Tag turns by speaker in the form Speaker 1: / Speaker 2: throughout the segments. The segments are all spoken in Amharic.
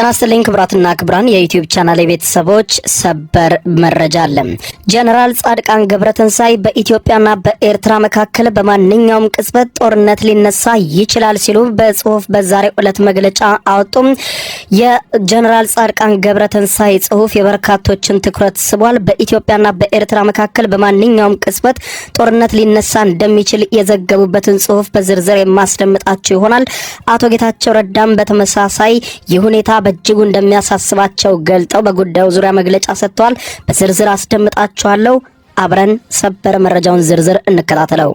Speaker 1: ጤና ይስጥልኝ ክብራትና ክብራን የዩቲዩብ ቻናል የቤተሰቦች ሰበር መረጃ አለ። ጀነራል ጻድቃን ገብረትንሳይ በኢትዮጵያና በኤርትራ መካከል በማንኛውም ቅጽበት ጦርነት ሊነሳ ይችላል ሲሉ በጽሁፍ በዛሬ ዕለት መግለጫ አወጡ። የጀነራል ጻድቃን ገብረትንሳይ ጽሁፍ የበርካቶችን ትኩረት ስቧል። በኢትዮጵያና በኤርትራ መካከል በማንኛውም ቅጽበት ጦርነት ሊነሳ እንደሚችል የዘገቡበትን ጽሁፍ በዝርዝር የማስደምጣቸው ይሆናል። አቶ ጌታቸው ረዳም በተመሳሳይ የሁኔታ በእጅጉ እንደሚያሳስባቸው ገልጠው በጉዳዩ ዙሪያ መግለጫ ሰጥተዋል። በዝርዝር አስደምጣችኋለሁ። አብረን ሰበር መረጃውን ዝርዝር እንከታተለው።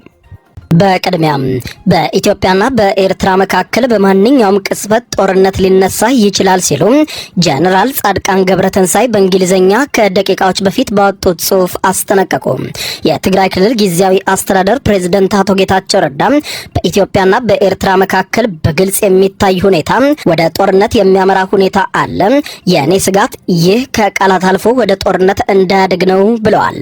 Speaker 1: በቅድሚያም በኢትዮጵያና በኤርትራ መካከል በማንኛውም ቅጽበት ጦርነት ሊነሳ ይችላል ሲሉ ጀነራል ጻድቃን ገብረተንሳይ በእንግሊዝኛ ከደቂቃዎች በፊት ባወጡት ጽሁፍ አስጠነቀቁ። የትግራይ ክልል ጊዜያዊ አስተዳደር ፕሬዝደንት አቶ ጌታቸው ረዳ በኢትዮጵያና በኤርትራ መካከል በግልጽ የሚታይ ሁኔታ ወደ ጦርነት የሚያመራ ሁኔታ አለ። የእኔ ስጋት ይህ ከቃላት አልፎ ወደ ጦርነት እንዳያድግ ነው ብለዋል።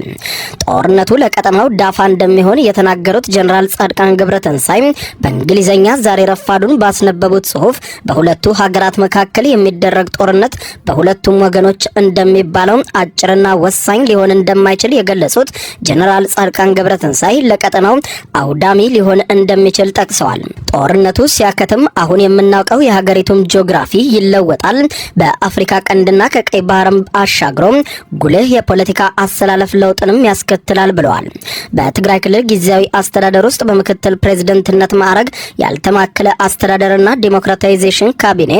Speaker 1: ጦርነቱ ለቀጠናው ዳፋ እንደሚሆን የተናገሩት ጀነራል ጻድቃን ገብረተንሳይ በእንግሊዘኛ ዛሬ ረፋዱን ባስነበቡት ጽሁፍ በሁለቱ ሀገራት መካከል የሚደረግ ጦርነት በሁለቱም ወገኖች እንደሚባለው አጭርና ወሳኝ ሊሆን እንደማይችል የገለጹት ጀነራል ጻድቃን ገብረተንሳይ ለቀጠናው አውዳሚ ሊሆን እንደሚችል ጠቅሰዋል። ጦርነቱ ሲያከትም አሁን የምናውቀው የሀገሪቱም ጂኦግራፊ ይለወጣል። በአፍሪካ ቀንድና ከቀይ ባህርም አሻግሮ ጉልህ የፖለቲካ አሰላለፍ ለውጥንም ያስከትላል ብለዋል። በትግራይ ክልል ጊዜያዊ አስተዳደር ውስጥ በምክትል ፕሬዝደንትነት ማዕረግ ያልተማከለ አስተዳደርና ዲሞክራታይዜሽን ካቢኔ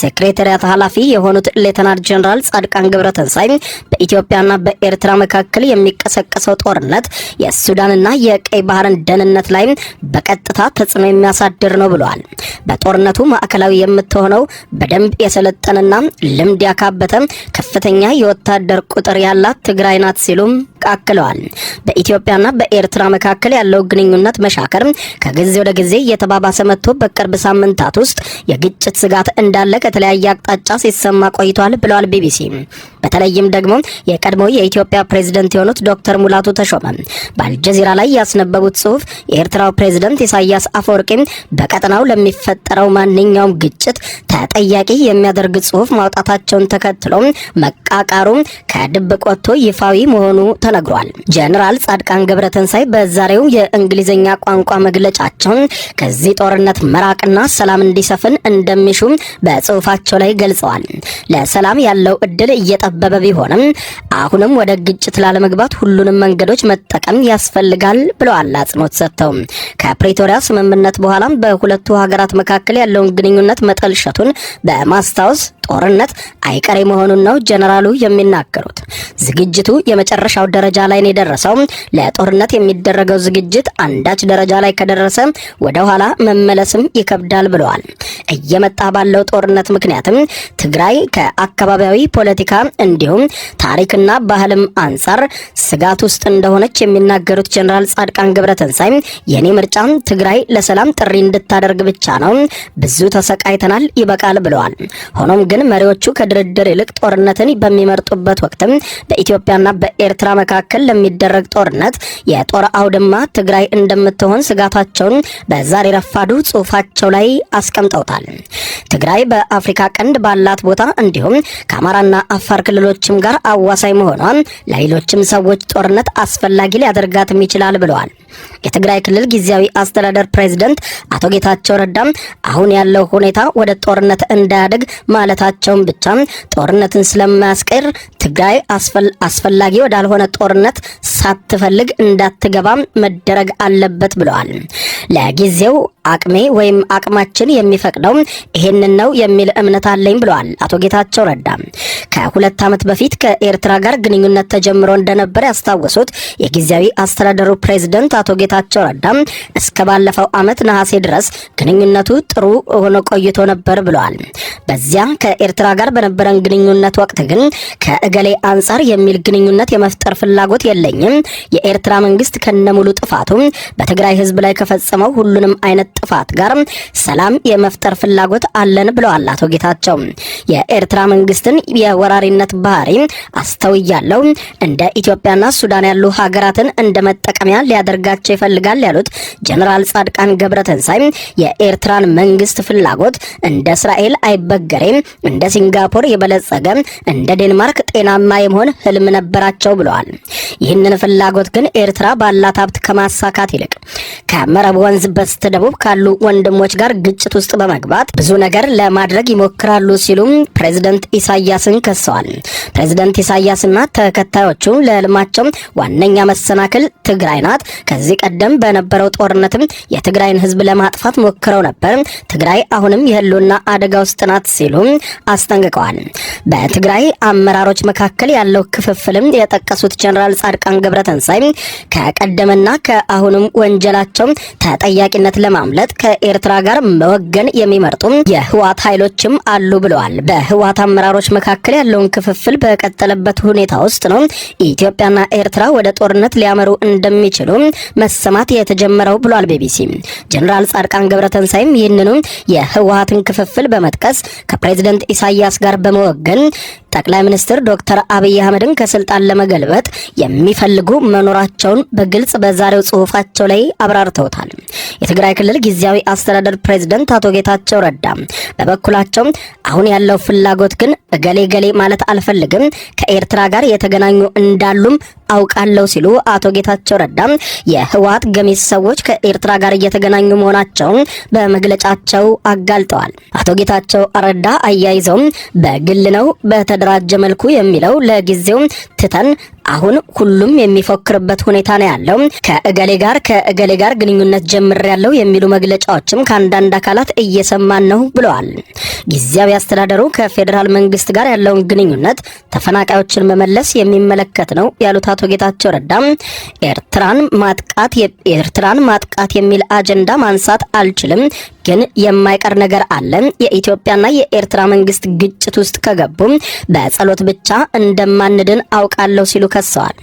Speaker 1: ሴክሬታሪያት ኃላፊ የሆኑት ሌተናል ጀኔራል ጻድቃን ገብረተንሳይ በኢትዮጵያና በኤርትራ መካከል የሚቀሰቀሰው ጦርነት የሱዳንና የቀይ ባህርን ደህንነት ላይ በቀጥታ ተጽዕኖ የሚያሳድር ነው ብለዋል። በጦርነቱ ማዕከላዊ የምትሆነው በደንብ የሰለጠነና ልምድ ያካበተ ከፍተኛ የወታደር ቁጥር ያላት ትግራይ ናት ሲሉም አክለዋል። በኢትዮጵያና በኤርትራ መካከል ያለው ግንኙነት መሻከር ከጊዜ ወደ ጊዜ እየተባባሰ መጥቶ በቅርብ ሳምንታት ውስጥ የግጭት ስጋት እንዳለ ከተለያየ አቅጣጫ ሲሰማ ቆይቷል ብለዋል ቢቢሲ። በተለይም ደግሞ የቀድሞ የኢትዮጵያ ፕሬዝደንት የሆኑት ዶክተር ሙላቱ ተሾመ በአልጀዚራ ላይ ያስነበቡት ጽሁፍ የኤርትራው ፕሬዝደንት ኢሳያስ አፈወርቂም በቀጠናው ለሚፈጠረው ማንኛውም ግጭት ተጠያቂ የሚያደርግ ጽሁፍ ማውጣታቸውን ተከትሎ መቃቃሩ ከድብቅ ወጥቶ ይፋዊ መሆኑ ተነግሯል። ጀነራል ጻድቃን ገብረተንሳይ በዛሬው የእንግሊዝኛ ቋንቋ መግለጫቸው ከዚህ ጦርነት መራቅና ሰላም እንዲሰፍን እንደሚሹ በጽሁፋቸው ላይ ገልጸዋል። ለሰላም ያለው እድል እየጠበ ያበበ ቢሆንም አሁንም ወደ ግጭት ላለመግባት ሁሉንም መንገዶች መጠቀም ያስፈልጋል ብለዋል አጽንኦት ሰጥተው። ከፕሪቶሪያ ስምምነት በኋላም በሁለቱ ሀገራት መካከል ያለውን ግንኙነት መጠልሸቱን በማስታወስ ጦርነት አይቀሬ መሆኑን ነው ጀነራሉ የሚናገሩት። ዝግጅቱ የመጨረሻው ደረጃ ላይ ነው የደረሰው። ለጦርነት የሚደረገው ዝግጅት አንዳች ደረጃ ላይ ከደረሰ ወደ ኋላ መመለስም ይከብዳል ብለዋል። እየመጣ ባለው ጦርነት ምክንያትም ትግራይ ከአካባቢያዊ ፖለቲካ እንዲሁም ታሪክና ባህልም አንጻር ስጋት ውስጥ እንደሆነች የሚናገሩት ጀነራል ጻድቃን ገብረተንሳይ የኔ ምርጫ ትግራይ ለሰላም ጥሪ እንድታደርግ ብቻ ነው፣ ብዙ ተሰቃይተናል፣ ይበቃል ብለዋል። ሆኖም ግን ግን መሪዎቹ ከድርድር ይልቅ ጦርነትን በሚመርጡበት ወቅትም በኢትዮጵያና በኤርትራ መካከል ለሚደረግ ጦርነት የጦር አውድማ ትግራይ እንደምትሆን ስጋታቸውን በዛሬ ረፋዱ ጽሁፋቸው ላይ አስቀምጠውታል። ትግራይ በአፍሪካ ቀንድ ባላት ቦታ እንዲሁም ከአማራና አፋር ክልሎችም ጋር አዋሳኝ መሆኗ ለሌሎችም ሰዎች ጦርነት አስፈላጊ ሊያደርጋትም ይችላል ብለዋል። የትግራይ ክልል ጊዜያዊ አስተዳደር ፕሬዝደንት አቶ ጌታቸው ረዳም አሁን ያለው ሁኔታ ወደ ጦርነት እንዳያደግ ማለታቸውን ብቻም ጦርነትን ስለማያስቀር ትግራይ አስፈላጊ ወዳልሆነ ጦርነት ሳትፈልግ እንዳትገባም መደረግ አለበት ብለዋል። ለጊዜው አቅሜ ወይም አቅማችን የሚፈቅደው ይሄንን ነው የሚል እምነት አለኝ ብለዋል አቶ ጌታቸው ረዳ። ከሁለት ዓመት በፊት ከኤርትራ ጋር ግንኙነት ተጀምሮ እንደነበር ያስታወሱት የጊዜያዊ አስተዳደሩ ፕሬዝደንት አቶ ጌታቸው ረዳ እስከ ባለፈው ዓመት ነሐሴ ድረስ ግንኙነቱ ጥሩ ሆኖ ቆይቶ ነበር ብለዋል። በዚያ ከኤርትራ ጋር በነበረን ግንኙነት ወቅት ግን ከእገሌ አንጻር የሚል ግንኙነት የመፍጠር ፍላጎት የለኝም። የኤርትራ መንግስት ከነሙሉ ጥፋቱ በትግራይ ህዝብ ላይ ከፈጸመው ሁሉንም አይነት ጥፋት ጋርም ሰላም የመፍጠር ፍላጎት አለን ብለዋል አቶ ጌታቸው። የኤርትራ መንግስትን የወራሪነት ባህሪ አስተውያለው እንደ ኢትዮጵያና ሱዳን ያሉ ሀገራትን እንደ መጠቀሚያ ሊያደርጋቸው ይፈልጋል ያሉት ጀነራል ጻድቃን ገብረተንሳይ የኤርትራን መንግስት ፍላጎት እንደ እስራኤል አይበገሬ፣ እንደ ሲንጋፖር የበለጸገ እንደ ዴንማርክ ጤናማ የመሆን ህልም ነበራቸው ብለዋል። ይህንን ፍላጎት ግን ኤርትራ ባላት ሀብት ከማሳካት ይልቅ ከመረብ ወንዝ በስተ ደቡብ ካሉ ወንድሞች ጋር ግጭት ውስጥ በመግባት ብዙ ነገር ለማድረግ ይሞክራሉ ሲሉም ፕሬዝደንት ኢሳያስን ከሰዋል። ፕሬዝደንት ኢሳያስና ተከታዮቹ ለልማቸው ዋነኛ መሰናክል ትግራይ ናት። ከዚህ ቀደም በነበረው ጦርነትም የትግራይን ህዝብ ለማጥፋት ሞክረው ነበር። ትግራይ አሁንም የህልውና አደጋ ውስጥ ናት ሲሉም አስጠንቅቀዋል። በትግራይ አመራሮች መካከል ያለው ክፍፍልም የጠቀሱት ጀኔራል ጻድቃን ገብረተንሳይ ከቀደመና ከአሁንም ወንጀላቸው ተጠያቂነት ለማምለ ለማምለጥ ከኤርትራ ጋር መወገን የሚመርጡም የህዋት ኃይሎችም አሉ ብለዋል። በህዋት አመራሮች መካከል ያለውን ክፍፍል በቀጠለበት ሁኔታ ውስጥ ነው ኢትዮጵያና ኤርትራ ወደ ጦርነት ሊያመሩ እንደሚችሉ መሰማት የተጀመረው ብሏል ቢቢሲ። ጀኔራል ጻድቃን ገብረተንሳይም ይህንኑ የህወሀትን ክፍፍል በመጥቀስ ከፕሬዝደንት ኢሳያስ ጋር በመወገን ጠቅላይ ሚኒስትር ዶክተር አብይ አህመድን ከስልጣን ለመገልበጥ የሚፈልጉ መኖራቸውን በግልጽ በዛሬው ጽሁፋቸው ላይ አብራርተውታል። የትግራይ ክልል ጊዜያዊ አስተዳደር ፕሬዝደንት አቶ ጌታቸው ረዳ በበኩላቸው አሁን ያለው ፍላጎት ግን እገሌ ገሌ ማለት አልፈልግም፣ ከኤርትራ ጋር የተገናኙ እንዳሉም አውቃለሁ ሲሉ አቶ ጌታቸው ረዳ የህወሀት ገሚስ ሰዎች ከኤርትራ ጋር እየተገናኙ መሆናቸውን በመግለጫቸው አጋልጠዋል። አቶ ጌታቸው ረዳ አያይዘውም በግል ነው በተደራጀ መልኩ የሚለው ለጊዜው ትተን አሁን ሁሉም የሚፎክርበት ሁኔታ ነው ያለው። ከእገሌ ጋር ከእገሌ ጋር ግንኙነት ጀምር ያለው የሚሉ መግለጫዎችም ከአንዳንድ አካላት እየሰማን ነው ብለዋል። ጊዜያዊ አስተዳደሩ ከፌዴራል መንግስት ጋር ያለውን ግንኙነት ተፈናቃዮችን መመለስ የሚመለከት ነው ያሉት አቶ ጌታቸው ረዳም ኤርትራን ማጥቃት የሚል አጀንዳ ማንሳት አልችልም ግን የማይቀር ነገር አለ። የኢትዮጵያና የኤርትራ መንግስት ግጭት ውስጥ ከገቡ በጸሎት ብቻ እንደማንድን አውቃለሁ ሲሉ ከሰዋል።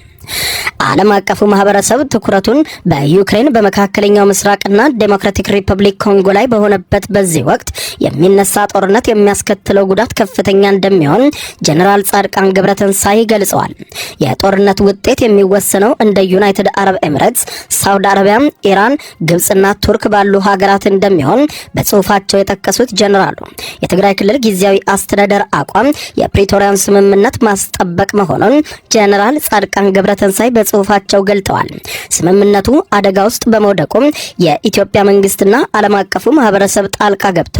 Speaker 1: ዓለም አቀፉ ማህበረሰብ ትኩረቱን በዩክሬን በመካከለኛው ምስራቅና ዴሞክራቲክ ሪፐብሊክ ኮንጎ ላይ በሆነበት በዚህ ወቅት የሚነሳ ጦርነት የሚያስከትለው ጉዳት ከፍተኛ እንደሚሆን ጀኔራል ጻድቃን ሳይ ገልጸዋል። የጦርነት ውጤት የሚወሰነው እንደ ዩናይትድ አረብ ኤምሬትስ፣ ሳውዲ አረቢያ፣ ኢራን፣ ግብጽና ቱርክ ባሉ ሀገራት እንደሚሆን በጽሁፋቸው የጠቀሱት ጀኔራሉ የትግራይ ክልል ጊዜያዊ አስተዳደር አቋም የፕሪቶሪያን ስምምነት ማስጠበቅ መሆኑን ጀኔራል ጻድቃን ገብረ ተንሳይ በጽሁፋቸው ገልጠዋል። ስምምነቱ አደጋ ውስጥ በመውደቁ የኢትዮጵያ መንግስትና ዓለም አቀፉ ማህበረሰብ ጣልቃ ገብቶ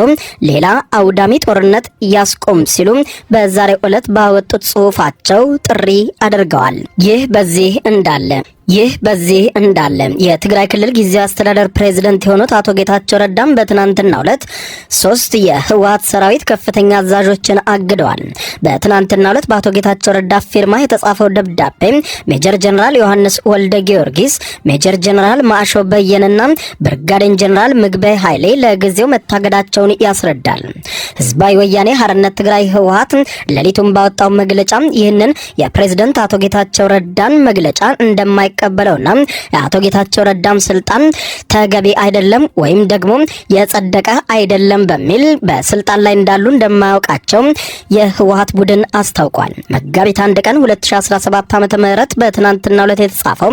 Speaker 1: ሌላ አውዳሚ ጦርነት ያስቆም ሲሉ በዛሬው ዕለት ባወጡት ጽሁፋቸው ጥሪ አድርገዋል። ይህ በዚህ እንዳለ ይህ በዚህ እንዳለ የትግራይ ክልል ጊዜያዊ አስተዳደር ፕሬዝደንት የሆኑት አቶ ጌታቸው ረዳም በትናንትናው ዕለት ሶስት የህወሀት ሰራዊት ከፍተኛ አዛዦችን አግደዋል። በትናንትናው ዕለት በአቶ ጌታቸው ረዳ ፊርማ የተጻፈው ደብዳቤ ሜጀር ጀነራል ዮሐንስ ወልደ ጊዮርጊስ፣ ሜጀር ጀነራል ማዕሾ በየንና ብርጋዴን ጀነራል ምግበይ ኃይሌ ለጊዜው መታገዳቸውን ያስረዳል። ህዝባዊ ወያኔ ሀርነት ትግራይ ህወሀት ሌሊቱን ባወጣው መግለጫ ይህንን የፕሬዝደንት አቶ ጌታቸው ረዳን መግለጫ እንደማይቀበለውና የአቶ ጌታቸው ረዳም ስልጣን ተገቢ አይደለም ወይም ደግሞ የጸደቀ አይደለም በሚል በስልጣን ላይ እንዳሉ እንደማያውቃቸው የህወሀት ቡድን አስታውቋል። መጋቢት አንድ ቀን 2017 ዓ ምህረት በትናንትና ዕለት የተጻፈው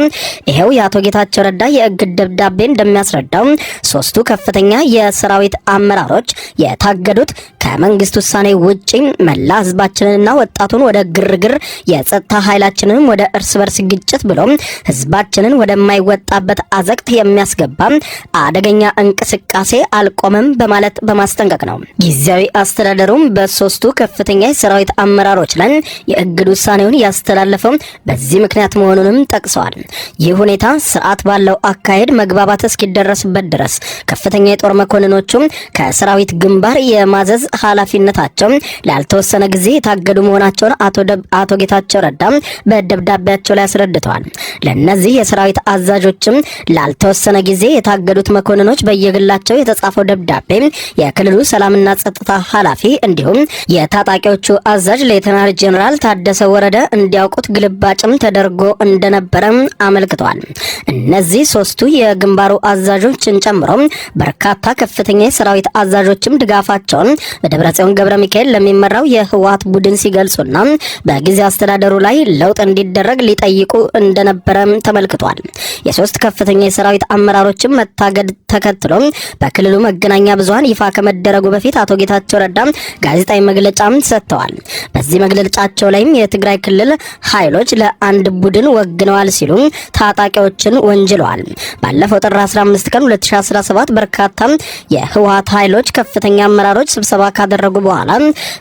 Speaker 1: ይሄው የአቶ ጌታቸው ረዳ የእግድ ደብዳቤ እንደሚያስረዳው ሶስቱ ከፍተኛ የሰራዊት አመራሮች የታገዱት ከመንግስት ውሳኔ ውጪ መላ ህዝባችንንና ወጣቱን ወደ ግርግር፣ የጸጥታ ኃይላችንን ወደ እርስ በርስ ግጭት ብሎም ህዝባችንን ወደማይወጣበት አዘቅት የሚያስገባ አደገኛ እንቅስቃሴ አልቆመም በማለት በማስጠንቀቅ ነው። ጊዜያዊ አስተዳደሩም በሶስቱ ከፍተኛ የሰራዊት አመራሮች ላይ የእግድ ውሳኔውን ያስተላለፈው በዚህ ምክንያት መሆኑንም ጠቅሰዋል። ይህ ሁኔታ ስርዓት ባለው አካሄድ መግባባት እስኪደረስበት ድረስ ከፍተኛ የጦር መኮንኖቹም ከሰራዊት ግንባር የማዘዝ ኃላፊነታቸው ላልተወሰነ ጊዜ የታገዱ መሆናቸውን አቶ ጌታቸው ረዳ በደብዳቤያቸው ላይ አስረድተዋል። ለእነዚህ የሰራዊት አዛዦችም ላልተወሰነ ጊዜ የታገዱት መኮንኖች በየግላቸው የተጻፈው ደብዳቤ የክልሉ ሰላምና ጸጥታ ኃላፊ እንዲሁም የታጣቂዎቹ አዛዥ ሌተናል ጄኔራል ታደሰ ወረደ እንዲያውቁት ግልባጭም ተደርጎ እንደነበረ አመልክተዋል። እነዚህ ሶስቱ የግንባሩ አዛዦችን ጨምሮ በርካታ ከፍተኛ የሰራዊት አዛዦችም ድጋፋቸውን በደብረጽዮን ገብረ ሚካኤል ለሚመራው የህወሓት ቡድን ሲገልጹና በጊዜ አስተዳደሩ ላይ ለውጥ እንዲደረግ ሊጠይቁ እንደነበረም ተመልክቷል። የሶስት ከፍተኛ የሰራዊት አመራሮችን መታገድ ተከትሎ በክልሉ መገናኛ ብዙሀን ይፋ ከመደረጉ በፊት አቶ ጌታቸው ረዳ ጋዜጣዊ መግለጫም ሰጥተዋል። በዚህ መግለጫቸው ላይም የትግራይ ክልል ኃይሎች ለአንድ ቡድን ወግነዋል ሲሉ ታጣቂዎችን ወንጅለዋል። ባለፈው ጥር 15 ቀን 2017 በርካታ የህወሓት ኃይሎች ከፍተኛ አመራሮች ስብሰባ ካደረጉ በኋላ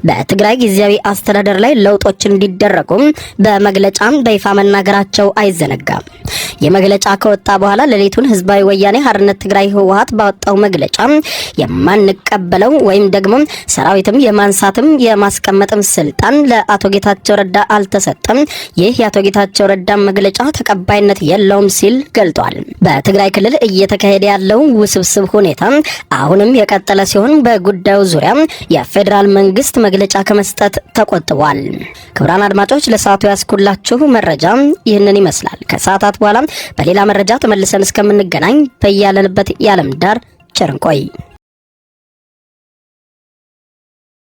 Speaker 1: በትግራይ ጊዜያዊ አስተዳደር ላይ ለውጦች እንዲደረጉ በመግለጫም በይፋ መናገራቸው አይዘነጋም። የመግለጫ ከወጣ በኋላ ሌሊቱን ህዝባዊ ወያኔ ሀርነት ትግራይ ህወሀት ባወጣው መግለጫ የማንቀበለው ወይም ደግሞ ሰራዊትም የማንሳትም የማስቀመጥም ስልጣን ለአቶ ጌታቸው ረዳ አልተሰጠም፣ ይህ የአቶ ጌታቸው ረዳ መግለጫ ተቀባይነት የለውም ሲል ገልጧል። በትግራይ ክልል እየተካሄደ ያለው ውስብስብ ሁኔታ አሁንም የቀጠለ ሲሆን በጉዳዩ ዙሪያ የፌዴራል መንግስት መግለጫ ከመስጠት ተቆጥቧል። ክቡራን አድማጮች ለሰዓቱ ያስኩላችሁ መረጃ ይህንን ይመስላል። ከሰዓታት በኋላ በሌላ መረጃ ተመልሰን እስከምንገናኝ በያለንበት የዓለም ዳር ቸርንቆይ